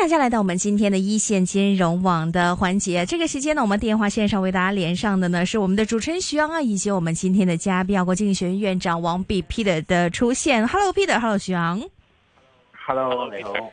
大家來到我們今天的一線金融網的環節，這個時間呢，我們電話線上為大家連上的呢是我們的主持人徐昂啊，以及我們今天的嘉賓，奧國經濟學院院長王弼 Peter 的出現。Hello，Peter，Hello，徐昂，Hello，你好。Hello, hello.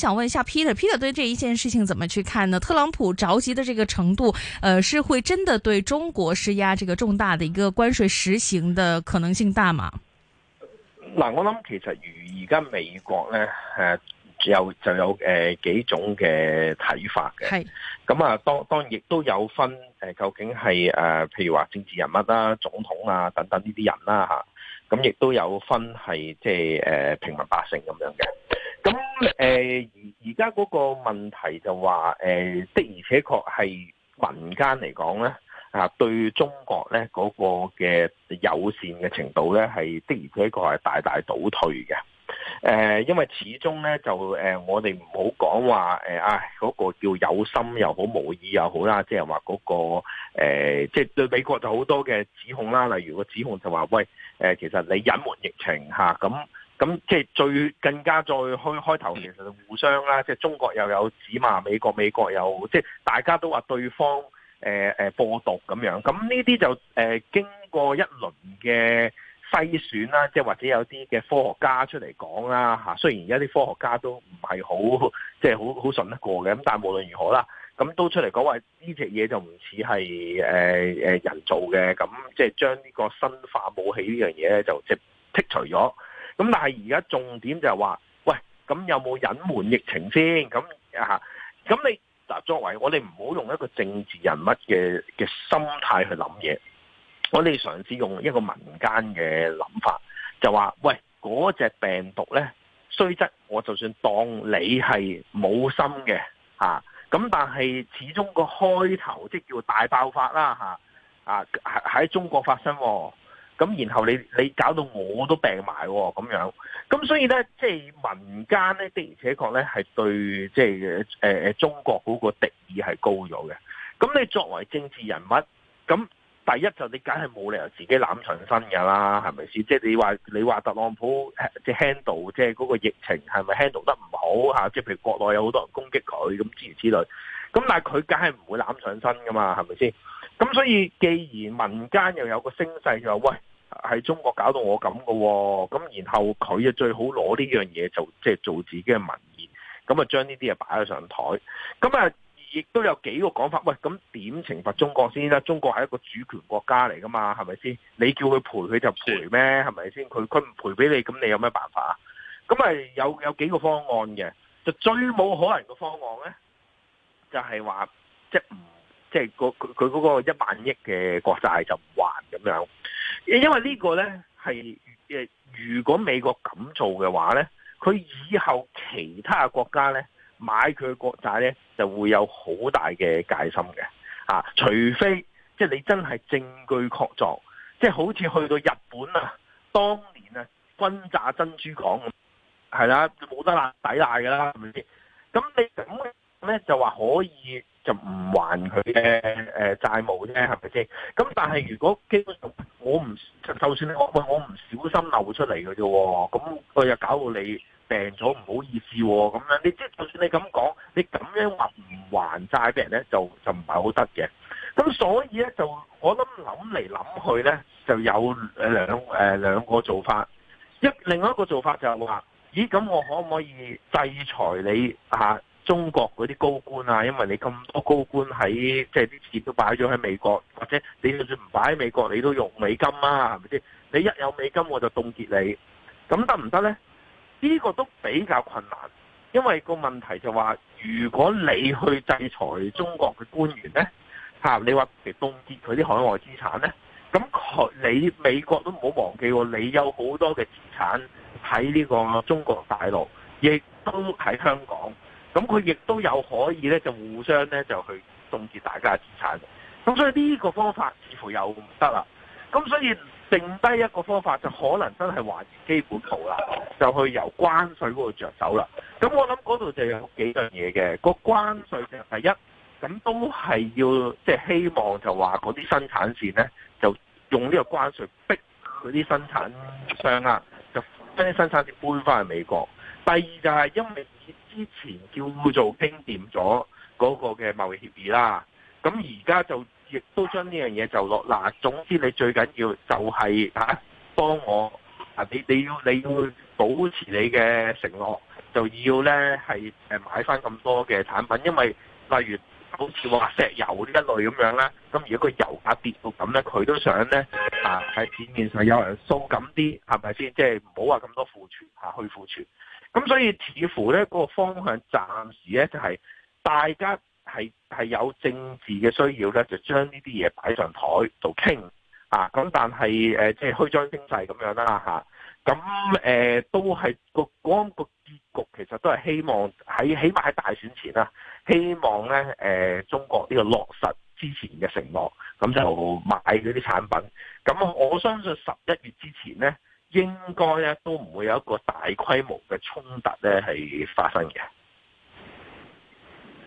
想問一下 Peter，Peter Peter 對這一件事情怎麼去看呢？特朗普着急的這個程度，呃，是會真的對中國施壓？這個重大的一個關稅實行的可能性大嗎？嗱，我諗其實如而家美國咧，誒、呃，有就有誒、呃、幾種嘅睇法嘅。係咁啊，當當然亦都有分誒、呃，究竟係誒、呃，譬如話政治人物啦、總統啊等等呢啲人啦、啊、吓，咁、啊、亦、嗯、都有分係即係誒平民百姓咁樣嘅。咁誒而而家嗰個問題就話誒、呃、的而且確係民間嚟講咧啊，對中國咧嗰、嗰個嘅友善嘅程度咧，係的而且確係大大倒退嘅。誒、呃，因為始終咧就、呃、我哋唔好講話誒啊嗰個叫有心又好無意又好啦，即係話嗰個即係、呃就是、對美國就好多嘅指控啦，例如個指控就話喂、呃、其實你隱瞞疫情吓咁。啊。咁即係最更加再開開頭，其實互相啦，即、就、係、是、中國又有指罵美國，美國又即係、就是、大家都話對方誒誒、呃、播毒咁樣。咁呢啲就誒、呃、經過一輪嘅篩選啦，即係或者有啲嘅科學家出嚟講啦嚇。雖然而家啲科學家都唔係好即係好好信得過嘅，咁但係無論如何啦，咁都出嚟講話呢隻嘢就唔似係誒人做嘅，咁即係將呢個生化武器呢樣嘢咧就即剔除咗。咁但係而家重點就係話，喂，咁有冇隱瞞疫情先？咁啊，咁你嗱，作為我哋唔好用一個政治人物嘅嘅心態去諗嘢，我哋嘗試用一個民間嘅諗法，就話，喂，嗰隻病毒呢，雖則，我就算當你係冇心嘅，嚇，咁但係始終個開頭即叫大爆發啦，啊喺中國發生。咁然後你你搞到我都病埋喎、哦，咁樣，咁所以咧，即係民間咧的而且確咧係對即係、呃、中國嗰個敵意係高咗嘅。咁你作為政治人物，咁第一就你梗係冇理由自己攬上身㗎啦，係咪先？即係你話你話特朗普即係 handle 即係嗰個疫情係咪 handle 得唔好、啊、即係譬如國內有好多人攻擊佢咁之類之類。咁但係佢梗係唔會攬上身㗎嘛，係咪先？咁所以既然民間又有個聲勢就話喂。喺中國搞到我咁喎、哦。咁然後佢啊最好攞呢樣嘢就即係做自己嘅民意，咁啊將呢啲嘢擺咗上台，咁啊亦都有幾個講法，喂，咁點懲罰中國先啦？中國係一個主權國家嚟噶嘛，係咪先？你叫佢賠，佢就賠咩？係咪先？佢佢唔賠俾你，咁你有咩辦法啊？咁啊有有幾個方案嘅，就最冇可能嘅方案咧，就係話即係唔即係佢嗰個一萬億嘅國債就唔還咁樣。因為呢個呢，係誒，如果美國咁做嘅話呢，佢以後其他國家呢買佢嘅國債呢，就會有好大嘅戒心嘅啊！除非即係你真係證據確鑿，即係好似去到日本啊，當年啊轟炸珍珠港咁，係啦，冇得賴抵賴㗎啦，係咪先？咁你咁呢，就話可以？就唔還佢嘅誒債務啫，係咪先？咁但係如果基本上我唔就就算你我我唔小心漏出嚟嘅啫，咁佢又搞到你病咗，唔好意思咁、哦、樣。你即係就算你咁講，你咁樣話唔還債俾人咧，就就唔係好得嘅。咁所以咧，就我諗諗嚟諗去咧，就有兩誒、呃、兩個做法。一另外一個做法就係，是，話咦，咁我可唔可以制裁你，啊中國嗰啲高官啊，因為你咁多高官喺即係啲錢都擺咗喺美國，或者你就算唔擺喺美國，你都用美金啊，係咪先？你一有美金，我就凍結你，咁得唔得呢？呢個都比較困難，因為個問題就話，如果你去制裁中國嘅官員呢，啊、你話凍結佢啲海外資產呢，咁佢你美國都唔好忘記，你有好多嘅資產喺呢個中國大陸，亦都喺香港。咁佢亦都有可以咧，就互相咧就去凍結大家嘅資產。咁所以呢個方法似乎又唔得啦。咁所以剩低一個方法就可能真係還原基本步啦，就去由關稅嗰度着手啦。咁我諗嗰度就有幾樣嘢嘅個關稅就第一，咁都係要即係、就是、希望就話嗰啲生產線咧，就用呢個關稅逼嗰啲生產商啊，就將啲生產線搬翻去美國。第二就係因為之前叫做傾掂咗嗰個嘅貿易協議啦，咁而家就亦都將呢樣嘢就落嗱，總之你最緊要就係嚇幫我啊！你，你要你要保持你嘅承諾，就要咧係誒買翻咁多嘅產品，因為例如好似話石油呢一類咁樣啦，咁如果個油價跌到咁咧，佢都想咧啊喺表面上有人掃緊啲，係咪先？即係唔好話咁多庫存嚇，去庫存。咁所以似乎咧，個、那個方向暫時咧就係、是、大家係係有政治嘅需要咧，就將呢啲嘢擺上台度傾啊！咁但係即係虛張經濟咁樣啦嚇。咁、啊、誒、啊啊、都係個嗰個結局，局，其實都係希望喺起碼喺大選前啦，希望咧誒、呃、中國呢個落實之前嘅承諾，咁就買嗰啲產品。咁我相信十一月之前咧。應該都唔會有一個大規模嘅衝突呢，係發生嘅。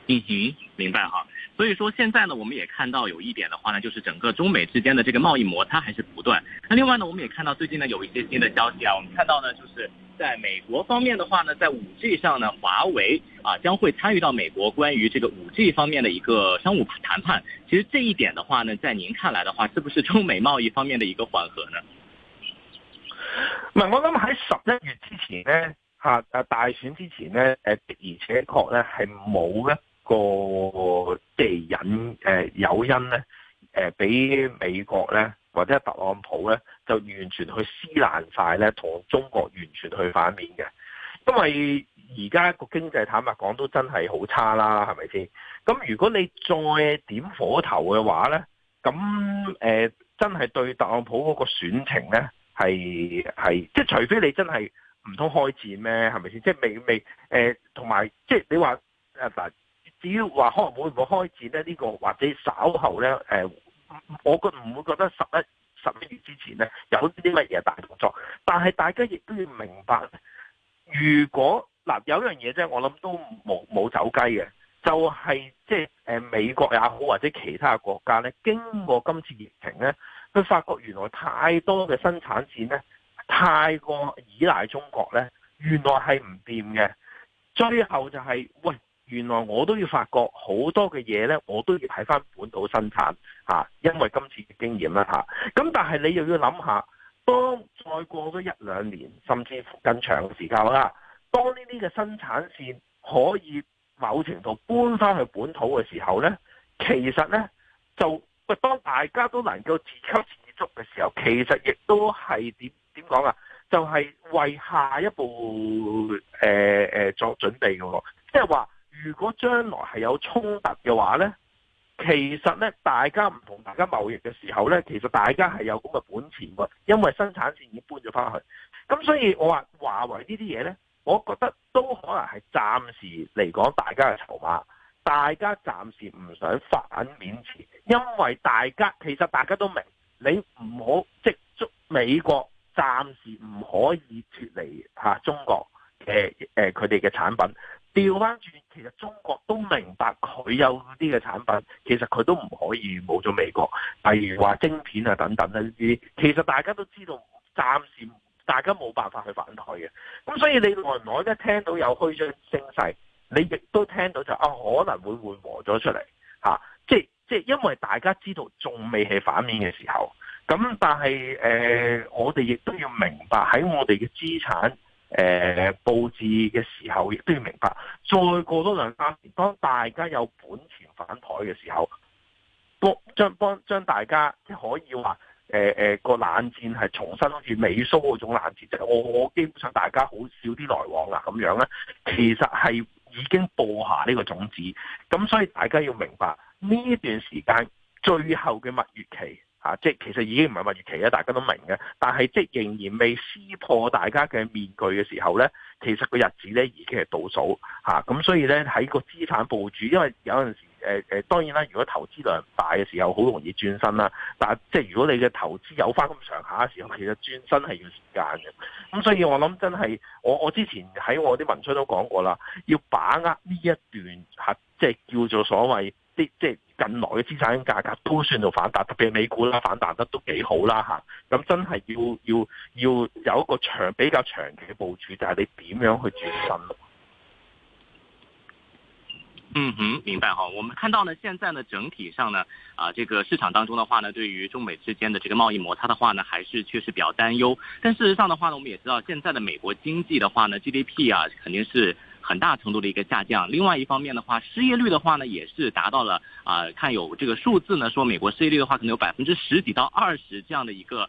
咦、嗯哼，明白哈，所以說現在呢，我們也看到有一點的話呢，就是整個中美之間的這個貿易摩擦還是不斷。那另外呢，我們也看到最近呢有一些新的消息啊，我們看到呢就是在美國方面的話呢，在五 G 上呢，華為啊將會參與到美國關於這個五 G 方面的一個商務談判。其實這一點的話呢，在您看來的話，是不是中美貿易方面的一個緩和呢？唔係，我諗喺十一月之前咧，吓大選之前咧，誒的而且確咧係冇一個即係引誒誘因咧，誒俾美國咧或者特朗普咧就完全去撕爛晒咧，同中國完全去反面嘅。因為而家個經濟坦白講都真係好差啦，係咪先？咁如果你再點火頭嘅話咧，咁誒、呃、真係對特朗普嗰個選情咧？係係，即係除非你真係唔通開戰咩？係咪先？即係未未誒，同、呃、埋即係你話誒嗱，至於話可能會唔會開戰咧？呢、這個或者稍後咧誒、呃，我覺唔會覺得十一、十二月之前咧有啲乜嘢大動作？但係大家亦都要明白，如果嗱、呃、有一樣嘢啫，我諗都冇冇走雞嘅，就係、是、即係誒、呃，美國也好或者其他嘅國家咧，經過今次疫情咧。佢發覺原來太多嘅生產線咧，太過依賴中國咧，原來係唔掂嘅。最後就係、是，喂，原來我都要發覺好多嘅嘢咧，我都要睇翻本土生產、嚇、因為今次嘅經驗啦咁、嚇、但係你又要諗下，當再過咗一兩年，甚至更長嘅時間啦、啊，當呢啲嘅生產線可以某程度搬翻去本土嘅時候咧，其實咧就。當當大家都能夠自給自足嘅時候，其實亦都係點點講啊？就係、是、為下一步誒誒、呃、作準備嘅，即係話如果將來係有衝突嘅話呢，其實呢，大家唔同大家貿易嘅時候呢，其實大家係有咁嘅本錢嘅，因為生產線已經搬咗返去。咁所以我話華為呢啲嘢呢，我覺得都可能係暫時嚟講大家嘅籌碼。大家暫時唔想反面前，因為大家其實大家都明，你唔好即係美國暫時唔可以脱離中國嘅誒，佢哋嘅產品調翻轉，其實中國都明白佢有啲嘅產品，其實佢都唔可以冇咗美國，例如話晶片啊等等呢啲，其實大家都知道，暫時大家冇辦法去反台嘅，咁所以你耐唔耐都聽到有虛張聲勢。你亦都聽到就啊、哦，可能會緩和咗出嚟、啊、即即因為大家知道仲未係反面嘅時候，咁但係誒、呃，我哋亦都要明白喺我哋嘅資產誒佈、呃、置嘅時候，亦都要明白，再過多兩三年，當大家有本錢反台嘅時候，幫將幫將大家即係可以話誒誒個冷戰係重新好似美蘇嗰種冷戰，即、就、係、是、我我基本上大家好少啲來往啊咁樣咧，其實係。已經播下呢個種子，咁所以大家要明白，呢段時間最後嘅蜜月期。啊，即係其實已經唔係話逾期啦，大家都明嘅。但係即係仍然未撕破大家嘅面具嘅時候咧，其實個日子咧已經係倒數嚇。咁所以咧喺個資產部署，因為有陣時誒誒，當然啦，如果投資量大嘅時候，好容易轉身啦。但係即係如果你嘅投資有翻咁上下嘅時候，其實轉身係要時間嘅。咁所以我諗真係，我我之前喺我啲文章都講過啦，要把握呢一段嚇，即係叫做所謂。啲即係近來嘅資產價格都算到反彈，特別係美股啦，反彈得都幾好啦嚇。咁真係要要要有一個長比較長期嘅部署，就係你點樣去轉身？嗯哼，明白哈。我們看到呢，現在呢，整體上呢，啊，這個市場當中的話呢，對於中美之間的這個貿易摩擦的話呢，還是確實比較擔憂。但事實上的話呢，我們也知道，現在的美國經濟的話呢，GDP 啊，肯定是。很大程度的一個下降，另外一方面的話，失業率的話呢，也是達到了啊、呃，看有這個數字呢，說美國失業率的話，可能有百分之十幾到二十這樣的一個。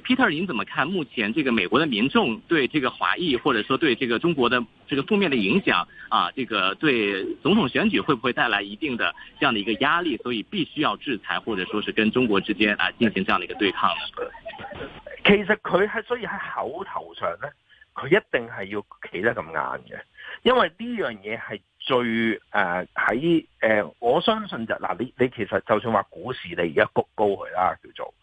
Peter，您怎麼看，目前這個美國的民眾對這個華裔，或者說對這個中國的這個負面的影響啊？這個對總統選舉會不會帶來一定的這樣的一個壓力？所以必須要制裁，或者說是跟中國之間啊進行這樣的一個對抗呢？其實佢係，所以喺口頭上呢，佢一定係要企得咁硬嘅，因為呢樣嘢係最誒喺誒，我相信就，嗱，你你其實就算話股市現在，你而家谷高佢啦，叫做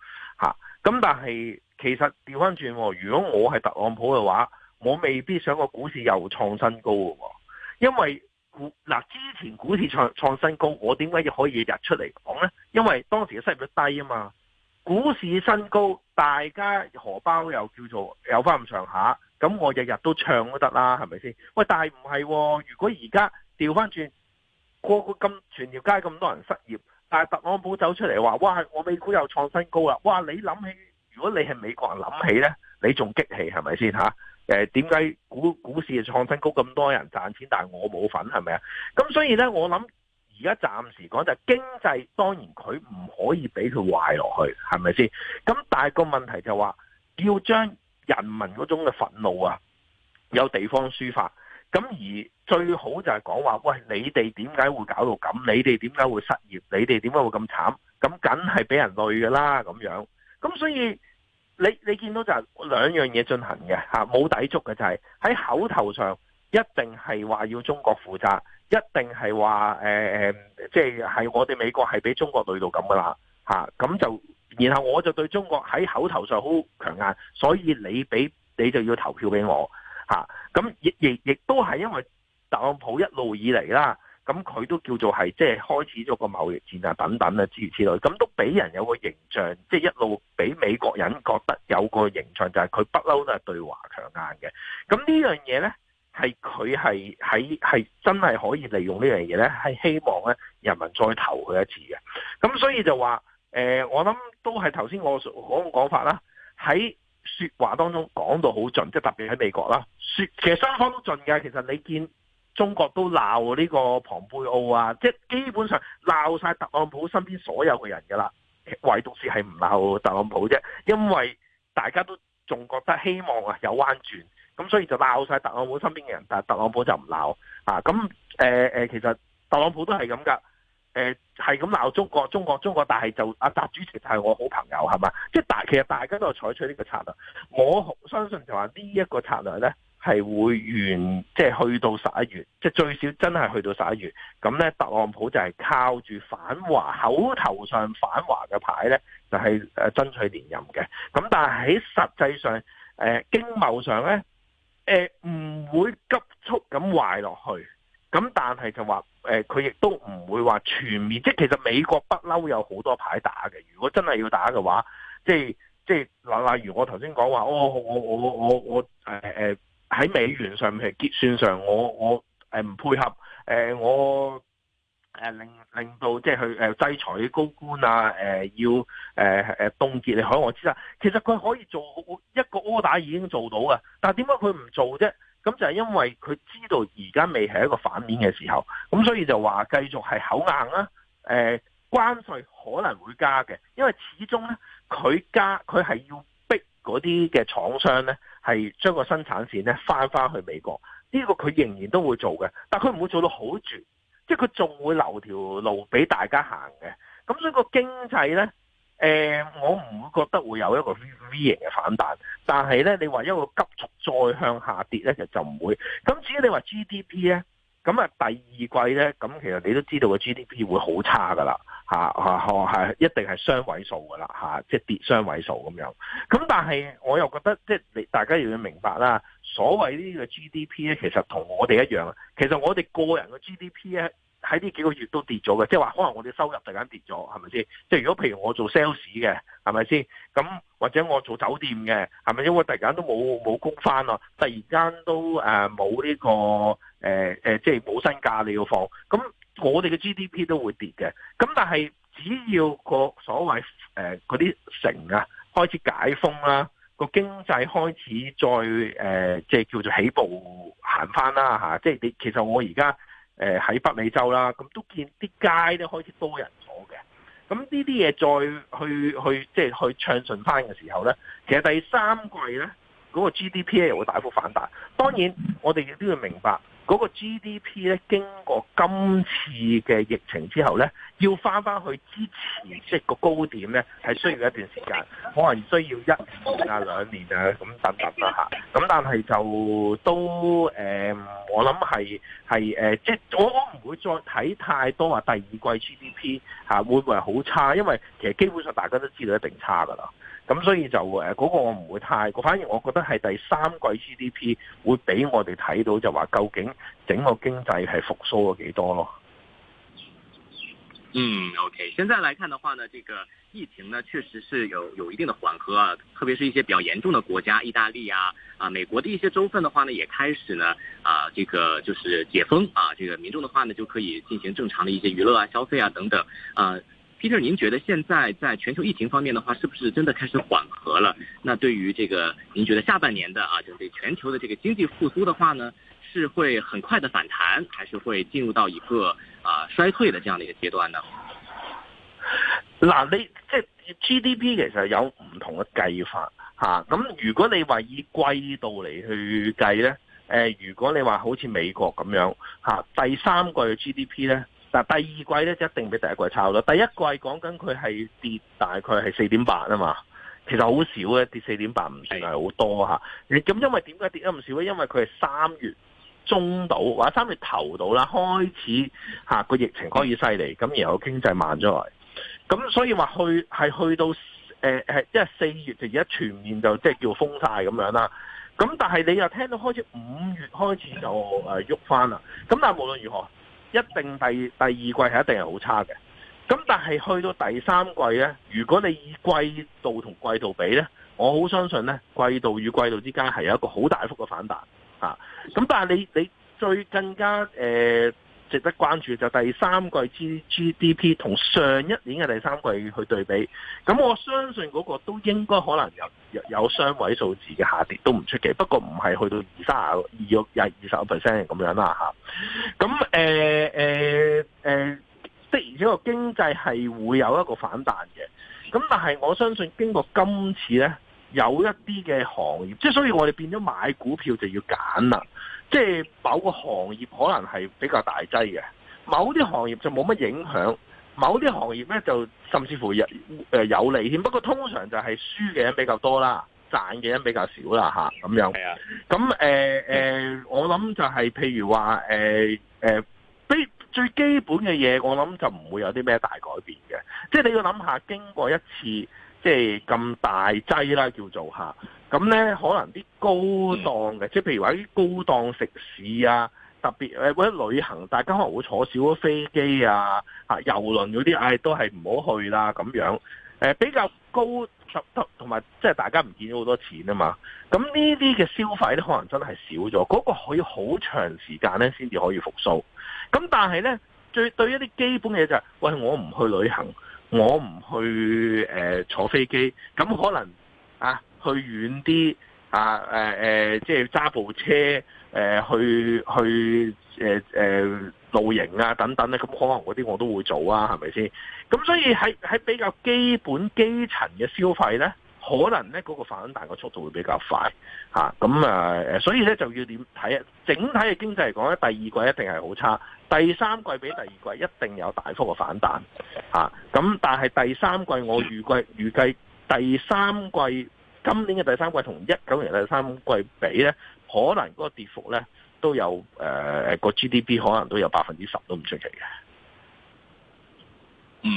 吓。啊咁但係其實調翻轉，如果我係特朗普嘅話，我未必想個股市又創新高喎。因為股嗱、呃、之前股市創創新高，我點解可以日日出嚟講呢？因為當時嘅失業率低啊嘛。股市新高，大家荷包又叫做有翻咁上下，咁我日日都唱都得啦，係咪先？喂，但係唔係，如果而家調翻轉，個個咁全條街咁多人失業。但係特朗普走出嚟話：哇！我美股又創新高啦！哇！你諗起，如果你係美國人諗起咧，你仲激氣係咪先吓？誒，點解股股市創新高咁多人賺錢，但係我冇份係咪啊？咁所以咧，我諗而家暫時講就係經濟，當然佢唔可以俾佢壞落去，係咪先？咁但係個問題就話，要將人民嗰種嘅憤怒啊，有地方抒發。咁而最好就係講話，喂，你哋點解會搞到咁？你哋點解會失業？你哋點解會咁慘？咁梗係俾人累㗎啦，咁樣。咁所以你你見到就係兩樣嘢進行嘅嚇，冇底足嘅就係喺口頭上一定係話要中國負責，一定係話誒即係係我哋美國係俾中國累到咁噶啦嚇。咁就然後我就對中國喺口頭上好強硬，所以你俾你就要投票俾我嚇。咁亦亦亦都係因為特朗普一路以嚟啦，咁佢都叫做係即係開始咗個貿易戰啊，等等啊，諸如此類，咁都俾人有個形象，即係一路俾美國人覺得有個形象就係佢不嬲都係對華強硬嘅。咁呢樣嘢咧，係佢係喺係真係可以利用呢樣嘢咧，係希望咧人民再投佢一次嘅。咁所以就話，呃，我諗都係頭先我所講講法啦，喺。説話當中講到好盡，即係特別喺美國啦。説其實雙方都盡嘅，其實你見中國都鬧呢個蓬佩奧啊，即係基本上鬧曬特朗普身邊所有嘅人㗎啦，唯獨是係唔鬧特朗普啫，因為大家都仲覺得希望啊有彎轉，咁所以就鬧曬特朗普身邊嘅人，但特朗普就唔鬧啊。咁誒誒，其實特朗普都係咁㗎。誒、呃，係咁鬧中國，中國，中國，但係就阿習、啊、主席係我好朋友，係嘛？即係大，其實大家都係採取呢個策略。我相信就話呢一個策略咧，係會完，即、就、係、是、去到十一月，即、就、係、是、最少真係去到十一月。咁、嗯、咧，特朗普就係靠住反華、口頭上反華嘅牌咧，就係、是、誒爭取連任嘅。咁、嗯、但係喺實際上，誒、呃、經貿上咧，誒、呃、唔會急速咁壞落去。咁、嗯、但係就話。誒、呃，佢亦都唔會話全面，即係其實美國不嬲，有好多牌打嘅。如果真係要打嘅話，即係即係，例例如我頭先講話，哦，我我我我我誒誒喺美元上面結算上，我我誒唔、呃、配合，誒、呃、我誒、呃、令令到即係去誒制裁啲高官啊，誒、呃、要誒誒凍結你海外資產，其實佢可以做一個 order 已經做到嘅，但係點解佢唔做啫？咁就係因為佢知道而家未係一個反面嘅時候，咁所以就話繼續係口硬啦。誒、呃，關稅可能會加嘅，因為始終咧，佢加，佢係要逼嗰啲嘅廠商咧，係將個生產線咧返返去美國。呢個佢仍然都會做嘅，但佢唔會做到好絕，即係佢仲會留條路俾大家行嘅。咁所以個經濟咧。呃、我唔會覺得會有一個 V, V 型嘅反彈，但係咧，你話一個急速再向下跌咧，其實就唔會。咁至於你話 GDP 咧，咁啊第二季咧，咁其實你都知道個 GDP 會好差噶啦、啊啊啊啊，一定係雙位數噶啦，即、啊、係、就是、跌雙位數咁樣。咁但係我又覺得，即係你大家要明白啦，所謂呢個 GDP 咧，其實同我哋一樣啊，其實我哋個人嘅 GDP 咧。喺呢幾個月都跌咗嘅，即係話可能我哋收入突然間跌咗，係咪先？即係如果譬如我做 sales 嘅，係咪先？咁或者我做酒店嘅，係咪因為突然間都冇冇工返咯？突然間都誒冇呢個誒、呃呃、即係冇薪假你要放。咁我哋嘅 GDP 都會跌嘅。咁但係只要個所謂誒嗰啲城啊開始解封啦，個、啊、經濟開始再誒、呃，即係叫做起步行返啦吓，即係你其實我而家。誒喺北美洲啦，咁都見啲街都開始多人坐嘅，咁呢啲嘢再去去即係、就是、去暢順翻嘅時候呢，其實第三季呢嗰、那個 GDP 又會大幅反彈。當然，我哋亦都要明白。嗰、那個 GDP 咧，經過今次嘅疫情之後咧，要翻翻去之前即係個高點咧，係需要一段時間，可能需要一年啊、兩年啊咁等等啦、嚇、咁但係就都誒、呃，我諗係係誒，即我我唔會再睇太多話第二季 GDP 嚇、啊、會唔會係好差，因為其實基本上大家都知道一定差㗎啦。咁所以就誒嗰、那個我唔會太過，反而我覺得係第三季 GDP 會俾我哋睇到就話究竟整個經濟係復甦咗幾多咯。嗯，OK，現在來看的話呢，這個疫情呢確實是有有一定的緩和啊，特別是一些比較嚴重的國家，意大利啊，啊美國的一些州份的話呢，也開始呢啊，這個就是解封啊，這個民眾的話呢就可以進行正常的一些娛樂啊、消費啊等等啊。Peter，您覺得現在在全球疫情方面的話，是不是真的開始緩和了？那對於這個，您覺得下半年的啊，就對、是、全球的這個經濟復蘇的話呢，是會很快的反彈，還是會進入到一個啊衰退的這樣的一個階段呢？嗱，你即 GDP 其實有唔同嘅計法吓，咁、啊、如果你話以季度嚟去計呢，誒、呃，如果你話好似美國咁樣吓、啊，第三個嘅 GDP 呢。嗱第二季咧就一定比第一季差咯。第一季講緊佢係跌大概係四點八啊嘛，其實好少嘅跌四點八唔算係好多嚇。咁因為點解跌得唔少咧？因為佢係三月中到，話三月頭到啦，開始嚇個、啊、疫情開始犀利，咁然後經濟慢咗來咁所以話去係去到誒誒，即、呃、四月就而家全面就即係、就是、叫封晒咁樣啦。咁但係你又聽到開始五月開始就誒喐翻啦。咁、呃、但係無論如何。一定第第二季係一定係好差嘅，咁但係去到第三季呢，如果你以季度同季度比呢，我好相信呢，季度與季度之間係有一個好大幅嘅反彈嚇，咁、啊、但係你你最更加、呃值得關注就第三季 GDP 同上一年嘅第三季去對比，咁我相信嗰個都應該可能有有有雙位數字嘅下跌都唔出奇，不過唔係去到二十二、二十五 percent 咁樣啦嚇。咁誒誒即的而且確經濟係會有一個反彈嘅，咁但係我相信經過今次咧，有一啲嘅行業，即係所以我哋變咗買股票就要揀啦。即係某個行業可能係比較大劑嘅，某啲行業就冇乜影響，某啲行業咧就甚至乎有誒有利添。不過通常就係輸嘅人比較多啦，賺嘅人比較少啦嚇咁樣。係啊，咁、呃、誒、呃、我諗就係、是、譬如話、呃呃、最基本嘅嘢，我諗就唔會有啲咩大改變嘅。即係你要諗下，經過一次即係咁大劑啦，叫做嚇。咁咧，可能啲高檔嘅，即係譬如話啲高檔食肆啊，特別誒或者旅行，大家可能會坐少咗飛機啊，嚇、啊、遊輪嗰啲，唉、哎，都係唔好去啦咁樣、呃。比較高級同埋，即係大家唔見咗好多錢啊嘛。咁呢啲嘅消費咧，可能真係少咗。嗰、那個可以好長時間咧，先至可以復甦。咁但係咧，最對，對一啲基本嘅嘢就係、是，喂，我唔去旅行，我唔去誒、呃、坐飛機，咁可能啊。去遠啲啊！誒、呃、即係揸部車誒、呃、去去誒、呃呃、露營啊等等咧，咁可能嗰啲我都會做啊，係咪先？咁所以喺喺比較基本基層嘅消費咧，可能咧嗰個反彈個速度會比較快吓咁啊，啊所以咧就要點睇啊？整體嘅經濟嚟講咧，第二季一定係好差，第三季比第二季一定有大幅嘅反彈咁、啊、但係第三季我預計預計第三季。今年嘅第三季同一九年嘅第三季比咧，可能嗰個跌幅咧都有誒、呃、個 GDP 可能都有百分之十都唔出奇嘅。嗯，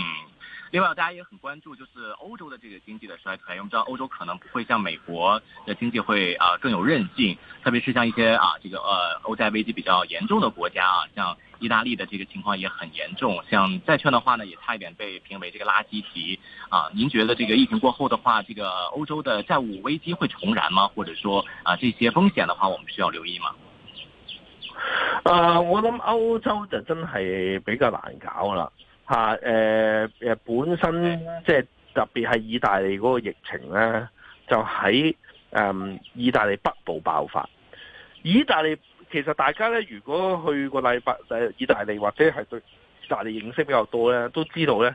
另外大家也很關注，就是歐洲的這個經濟的衰退。我們知道歐洲可能不會像美國嘅經濟會啊更有韌性，特別是像一些啊這個呃歐債危機比較嚴重的國家啊，像。意大利的這個情況也很嚴重，像債券的話呢，也差一點被評為這個垃圾級。啊，您覺得這個疫情過後的話，這個歐洲的債務危機會重燃嗎？或者說，啊，這些風險的話，我們需要留意嗎？啊、呃，我諗歐洲就真係比較難搞啦。吓、啊，誒、呃、誒，本身是即係特別係意大利嗰個疫情咧，就喺誒、呃、意大利北部爆發，意大利。其實大家咧，如果去過禮拜，誒，意大利或者係對意大利認識比較多咧，都知道咧，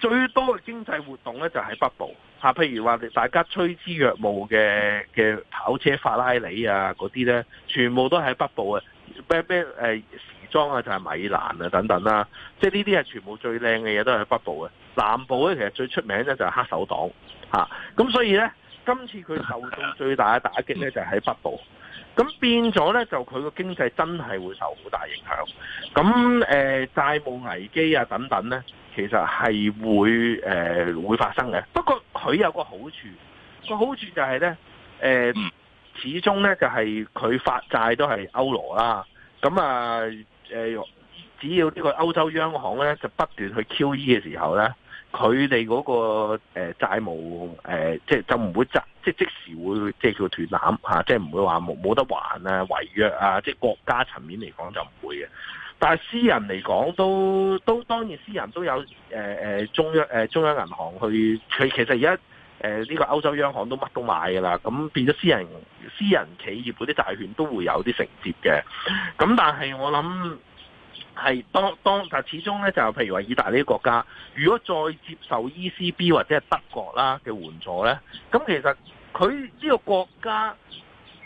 最多嘅經濟活動咧就喺、是、北部。啊、譬如話，大家趨之若鶩嘅嘅跑車法拉利啊，嗰啲咧，全部都喺北部嘅。咩咩誒時裝、就是、等等啊，就係米蘭啊，等等啦。即係呢啲係全部最靚嘅嘢都喺北部嘅。南部咧，其實最出名咧就係黑手黨。咁、啊、所以咧，今次佢受到最大嘅打擊咧就喺、是、北部。咁變咗呢，就佢個經濟真係會受好大影響。咁誒、呃，債務危機呀等等呢，其實係會誒、呃、會發生嘅。不過佢有個好處，個好處就係呢，誒、呃，始終呢，就係佢發債都係歐羅啦。咁啊誒，只要呢個歐洲央行呢，就不斷去 QE 嘅時候呢，佢哋嗰個、呃、債務、呃、即係就唔會即，即即時會即叫斷纜、啊、即係唔會話冇冇得還啊、違約啊，即係國家層面嚟講就唔會嘅。但係私人嚟講都都當然私人都有、呃、中央中央銀行去佢，其實而家呢個歐洲央行都乜都買㗎啦，咁變咗私人私人企業嗰啲債券都會有啲承接嘅。咁但係我諗。係當當，但始終咧就譬如話意大利啲國家，如果再接受 ECB 或者係德國啦嘅援助咧，咁其實佢呢個國家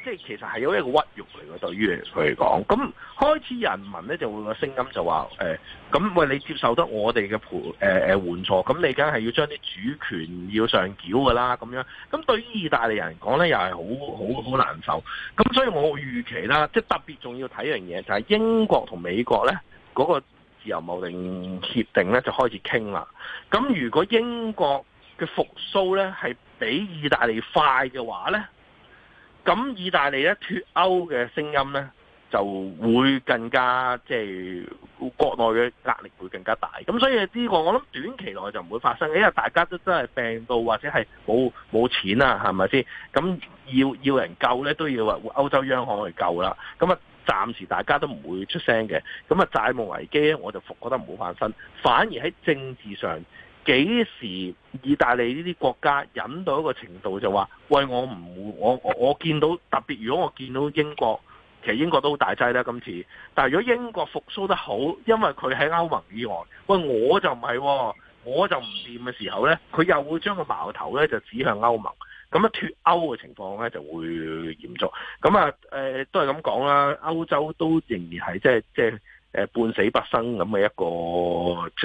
即係其實係有一個屈辱嚟嘅，對於佢嚟講。咁開始人民咧就會個聲音就話，誒、哎，咁喂，你接受得我哋嘅誒誒援助，咁你梗係要將啲主權要上繳噶啦，咁樣。咁對於意大利人嚟講咧，又係好好好難受。咁所以我預期啦，即係特別仲要睇一樣嘢，就係、是、英國同美國咧。嗰、那個自由貿易協定咧就開始傾啦。咁如果英國嘅復甦咧係比意大利快嘅話咧，咁意大利咧脫歐嘅聲音咧就會更加即係、就是、國內嘅壓力會更加大。咁所以呢個我諗短期內就唔會發生，因為大家都真係病到或者係冇冇錢啦，係咪先？咁要要人救咧都要話歐洲央行去救啦。咁啊～暫時大家都唔會出聲嘅，咁啊債務危機咧我就覺得唔好翻身，反而喺政治上幾時意大利呢啲國家忍到一個程度就話喂，我唔會我我見到特別，如果我見到英國，其實英國都好大劑啦今次，但係如果英國復甦得好，因為佢喺歐盟以外，喂我就唔係，我就唔掂嘅時候呢，佢又會將個矛頭呢就指向歐盟。咁啊脫歐嘅情況咧就會嚴重，咁啊誒都係咁講啦，歐洲都仍然係即係即係誒半死不生咁嘅一個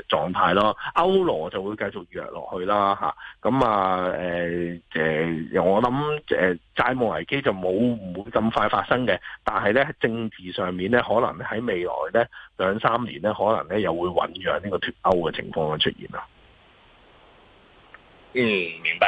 狀態咯，歐羅就會繼續弱落去啦吓，咁啊誒誒，我諗誒債務危機就冇唔會咁快發生嘅，但係咧政治上面咧可能喺未來咧兩三年咧可能咧又會醞釀呢個脫歐嘅情況嘅出現啦。嗯，明白。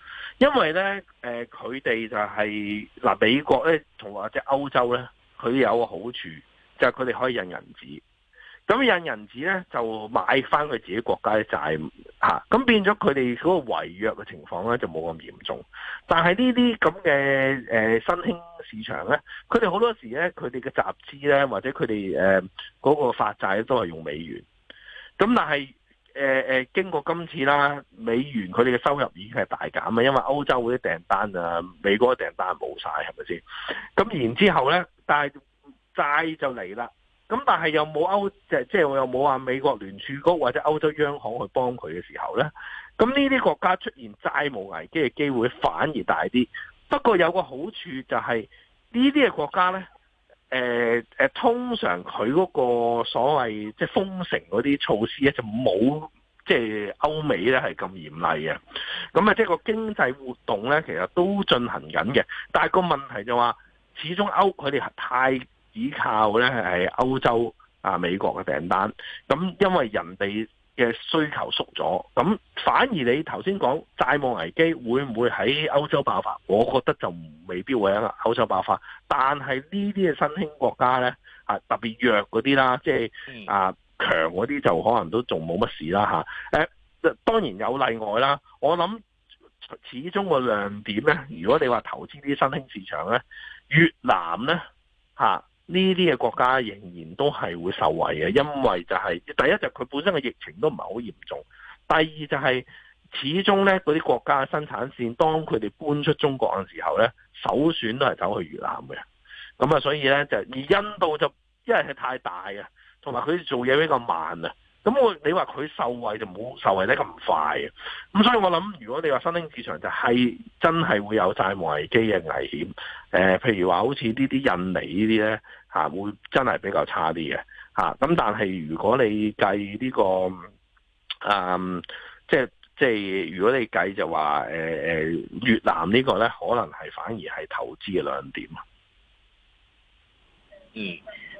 因為咧，誒、呃，佢哋就係、是、嗱、呃，美國咧同或者歐洲咧，佢有個好處就係佢哋可以印銀紙，咁印銀紙咧就買翻佢自己國家嘅債吓，咁、啊、變咗佢哋嗰個違約嘅情況咧就冇咁嚴重。但係呢啲咁嘅誒新興市場咧，佢哋好多時咧，佢哋嘅集資咧或者佢哋誒嗰個發債咧都係用美元，咁但係。誒、呃、誒，經過今次啦，美元佢哋嘅收入已經係大減啊，因為歐洲嗰啲訂單啊，美國嘅訂單冇晒，係咪先？咁然之後咧，但係債就嚟啦，咁但係又冇歐即係即係我又冇話美國聯儲局或者歐洲央行去幫佢嘅時候咧，咁呢啲國家出現債務危機嘅機會反而大啲。不過有個好處就係呢啲嘅國家咧。誒、呃、通常佢嗰個所謂即係封城嗰啲措施咧，就冇即係歐美咧係咁嚴厲啊。咁啊，即係個經濟活動咧，其實都進行緊嘅。但係個問題就話、是，始終歐佢哋太倚靠咧係歐洲啊美國嘅訂單，咁因為人哋嘅需求縮咗，咁反而你頭先講債務危機會唔會喺歐洲爆發？我覺得就未必會喺歐洲爆發，但係呢啲嘅新興國家呢，特別弱嗰啲啦，即係啊強嗰啲就可能都仲冇乜事啦嚇、啊。當然有例外啦，我諗始終個亮點呢，如果你話投資啲新興市場呢，越南呢。啊呢啲嘅國家仍然都係會受惠嘅，因為就係、是、第一就係佢本身嘅疫情都唔係好嚴重，第二就係始終咧嗰啲國家嘅生產線，當佢哋搬出中國嘅時候咧，首選都係走去越南嘅。咁啊，所以咧就而印度就因為係太大啊，同埋佢做嘢比較慢啊。咁我你話佢受惠就冇受惠得咁快啊。咁所以我諗，如果你話新興市場就係真係會有債務危機嘅危險。誒、呃，譬如話好似呢啲印尼呢啲咧。吓，會真係比較差啲嘅，吓咁但係如果你計呢、這個，誒、嗯，即係即係如果你計就話，誒、呃、誒，越南這個呢個咧，可能係反而係投資嘅亮點。嗯。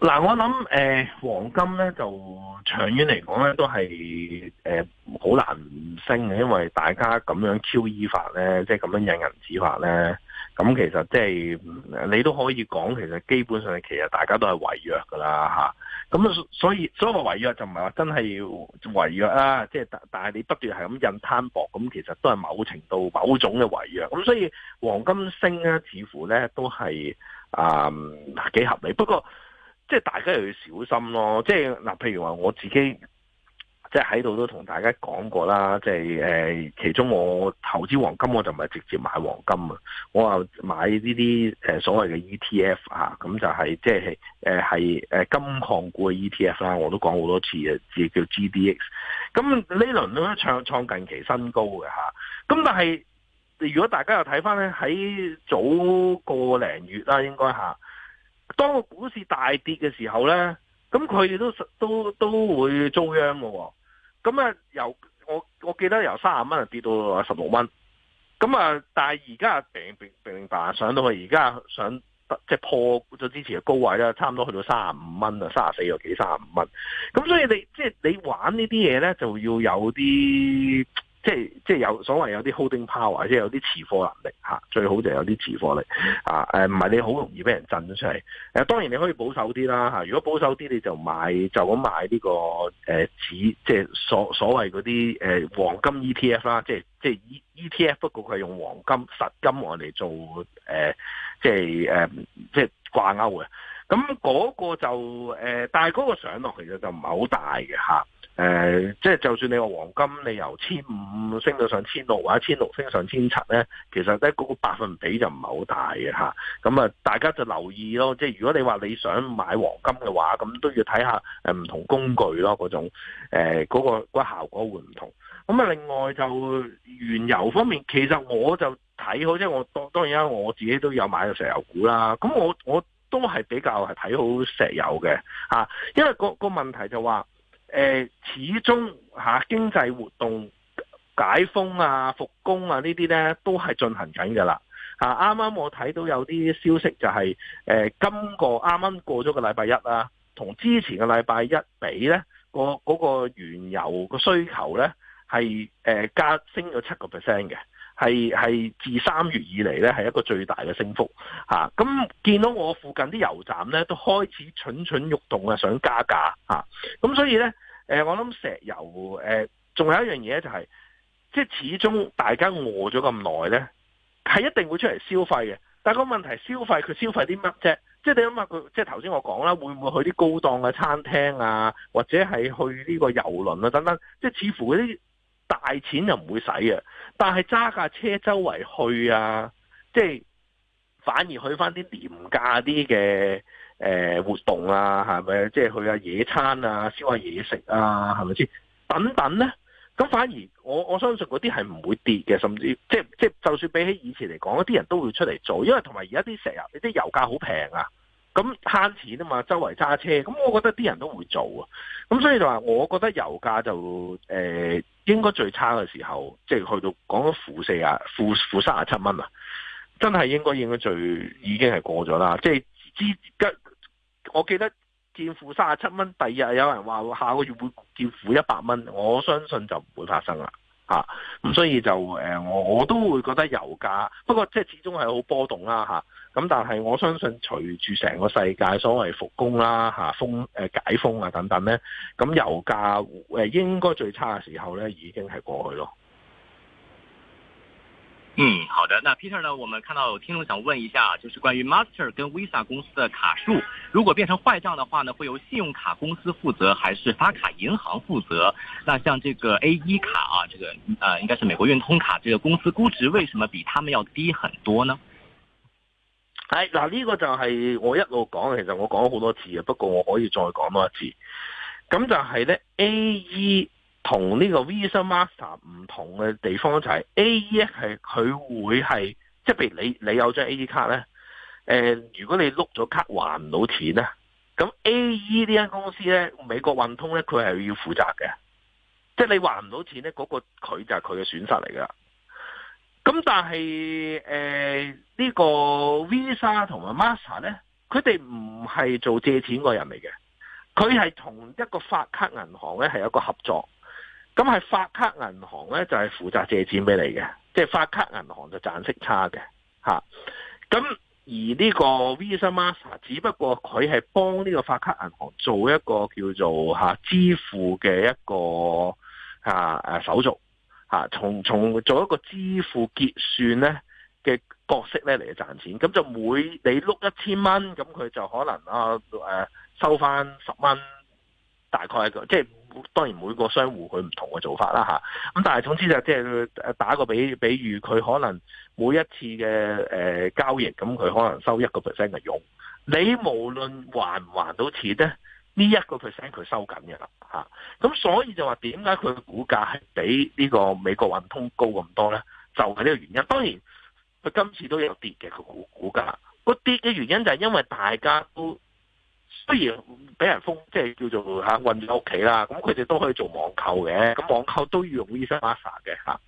嗱，我諗誒、呃，黃金咧就長遠嚟講咧，都係誒好難升嘅，因為大家咁樣 QE 法咧，即係咁樣印銀紙法咧，咁其實即係你都可以講，其實基本上其實大家都係違約噶啦吓。咁啊，所以所謂違約就唔係話真係要違約啊，即係但但係你不斷係咁印攤薄，咁其實都係某程度某種嘅違約。咁所以黃金升咧，似乎咧都係啊幾合理，不過。即係大家又要小心咯，即係嗱，譬如話我自己，即係喺度都同大家講過啦，即係誒，其中我投資黃金，我就唔係直接買黃金啊，我話買呢啲誒所謂嘅 ETF，咁就係即係誒係誒金礦股嘅 ETF 啦，我都講好多次啊，亦叫 GDX。咁呢輪都創創近期新高嘅吓，咁但係如果大家又睇翻咧，喺早個零月啦，應該吓。當個股市大跌嘅時候咧，咁佢哋都都都會遭殃嘅。咁啊，由我我記得由卅蚊啊跌到十六蚊，咁啊，但係而家平平平平白上到去而家上即係破咗之前嘅高位啦，差唔多去到卅五蚊啊，卅四個幾，卅五蚊。咁所以你即係、即係、你玩呢啲嘢咧，就要有啲。即係即係有所謂有啲 holding power，即係有啲持貨能力嚇最好就有啲持貨力唔係、啊、你好容易俾人震咗出嚟。當然你可以保守啲啦、嚇、如果保守啲，你就買就咁買呢個誒指、啊、即係所所謂嗰啲、誒、黃金 ETF 啦、啊，即係即係 EETF。不過佢係用黃金實金我嚟做、誒、即係、誒、即係掛鈎嘅。咁嗰個就誒、呃，但係嗰個上落其實就唔係好大嘅嚇。即、呃、係就算你話黃金，你由千五升到上千六，或者千六升上千七咧，其實咧嗰、嗰個百分比就唔係好大嘅嚇。咁啊，大家就留意咯。即係如果你話你想買黃金嘅話，咁都要睇下唔同工具咯，嗰種誒嗰、呃嗰個嗰個效果會唔同。咁啊，另外就原油方面，其實我就睇好，即係我當當然啦，我自己都有買石油股啦。咁我我。我都係比較係睇好石油嘅嚇，因為個個問題就話誒，始終嚇經濟活動解封啊、復工啊呢啲咧，都係進行緊嘅啦嚇。啱啱我睇到有啲消息就係、是、誒、呃，今個啱啱過咗個禮拜一啊，同之前個禮拜一比咧，個嗰個原油個需求咧係誒加升咗七個 percent 嘅。係係自三月以嚟咧，係一個最大嘅升幅吓。咁見到我附近啲油站咧，都開始蠢蠢欲動啊，想加價吓。咁所以咧，呃，我諗石油誒，仲、呃、有一樣嘢就係、是，即係始終大家餓咗咁耐咧，係一定會出嚟消費嘅。但係個問題消費，消費佢消費啲乜啫？即係你諗下佢，即係頭先我講啦，會唔會去啲高檔嘅餐廳啊，或者係去呢個遊輪啊等等？即係似乎嗰啲。大錢就唔會使啊，但係揸架車周圍去啊，即係反而去翻啲廉價啲嘅活動啊，係咪？即係去下野餐啊，燒下嘢食啊，係咪先？等等咧，咁反而我我相信嗰啲係唔會跌嘅，甚至即係即係就算比起以前嚟講，啲人都會出嚟做，因為同埋而家啲石油啲油價好平啊，咁慳錢啊嘛，周圍揸車，咁我覺得啲人都會做啊，咁所以就話，我覺得油價就、欸應該最差嘅時候，即係去到講到負四啊、負負三啊七蚊啊，真係應該應該最已經係過咗啦。即係依家，我記得見負三啊七蚊，第二日有人話下個月會見負一百蚊，我相信就唔會發生啦。吓、啊，咁所以就誒，我我都會覺得油價，不過即係始終係好波動啦。吓、啊。咁、嗯、但係我相信隨住成個世界所謂復工啦吓封誒解封啊等等呢，咁、嗯、油價誒應該最差嘅時候呢已經係過去咯。嗯，好的。那 Peter 呢，我們看到有聽眾想問一下，就是關於 Master 跟 Visa 公司的卡數，如果變成壞賬的話呢，會由信用卡公司負責還是發卡銀行負責？那像這個 A E 卡啊，這個啊、呃、應該是美國運通卡，這個公司估值爲什麼比他們要低很多呢？係嗱，呢、這個就係我一路講，其實我講咗好多次啊。不過我可以再講多一次。咁就係咧，A E 同呢個 Visa Master 唔同嘅地方就係、是、A E 咧係佢會係，即係譬如你你有張 A E 卡咧，誒、呃，如果你碌咗卡還唔到錢咧，咁 A E 呢間公司咧，美國運通咧，佢係要負責嘅。即係你還唔到錢咧，嗰、那個佢就係佢嘅損失嚟噶。咁但係呢、呃，呢個 Visa 同埋 Master 咧，佢哋唔係做借錢個人嚟嘅，佢係同一個發卡銀行咧係有個合作。咁係發卡銀行咧就係、是、負責借錢俾你嘅，即、就、係、是、發卡銀行就賺息差嘅嚇。咁、啊、而呢個 Visa Master 只不過佢係幫呢個發卡銀行做一個叫做、啊、支付嘅一個、啊啊、手續。吓，從從做一個支付結算咧嘅角色咧，嚟賺錢，咁就每你碌一千蚊，咁佢就可能啊誒收翻十蚊，大概係個即係當然每個商戶佢唔同嘅做法啦吓，咁但係總之就即係打個比，比喻佢可能每一次嘅誒交易，咁佢可能收一個 percent 嘅佣。你無論還唔還到錢咧，呢、這、一個 percent 佢收緊嘅啦，嚇咁所以就話點解佢嘅股價係比呢個美國運通高咁多咧？就係、是、呢個原因。當然佢今次都有跌嘅，佢股股價，個跌嘅原因就係因為大家都雖然俾人封，即係叫做嚇困咗喺屋企啦。咁佢哋都可以做網購嘅，咁網購都要用 Visa Master 嘅嚇。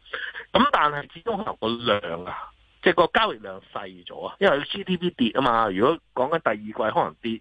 咁但係始終可能個量啊，即係個交易量細咗啊，因為 GDP 跌啊嘛。如果講緊第二季，可能跌。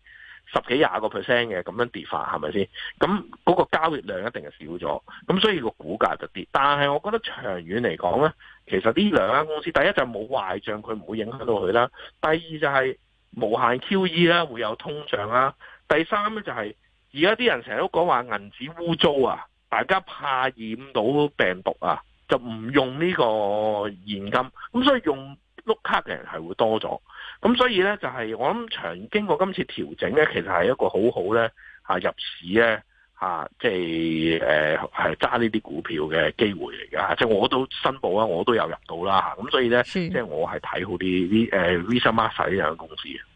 十幾廿個 percent 嘅咁樣跌法係咪先？咁嗰個交易量一定係少咗，咁所以個股價就跌。但係我覺得長遠嚟講咧，其實呢兩間公司，第一就冇壞賬，佢唔會影響到佢啦。第二就係無限 QE 啦，會有通脹啦。第三咧就係而家啲人成日都講話銀紙污糟啊，大家怕染到病毒啊，就唔用呢個現金，咁所以用碌卡嘅人係會多咗。咁所以咧就係、是、我諗，長經過今次調整咧，其實係一個好好咧、啊、入市咧、啊、即係誒係揸呢啲股票嘅機會嚟噶。即係我都申報啊，我都有入到啦。咁、啊、所以咧，即係我係睇好啲啲誒 Visa Master 呢樣公司啊。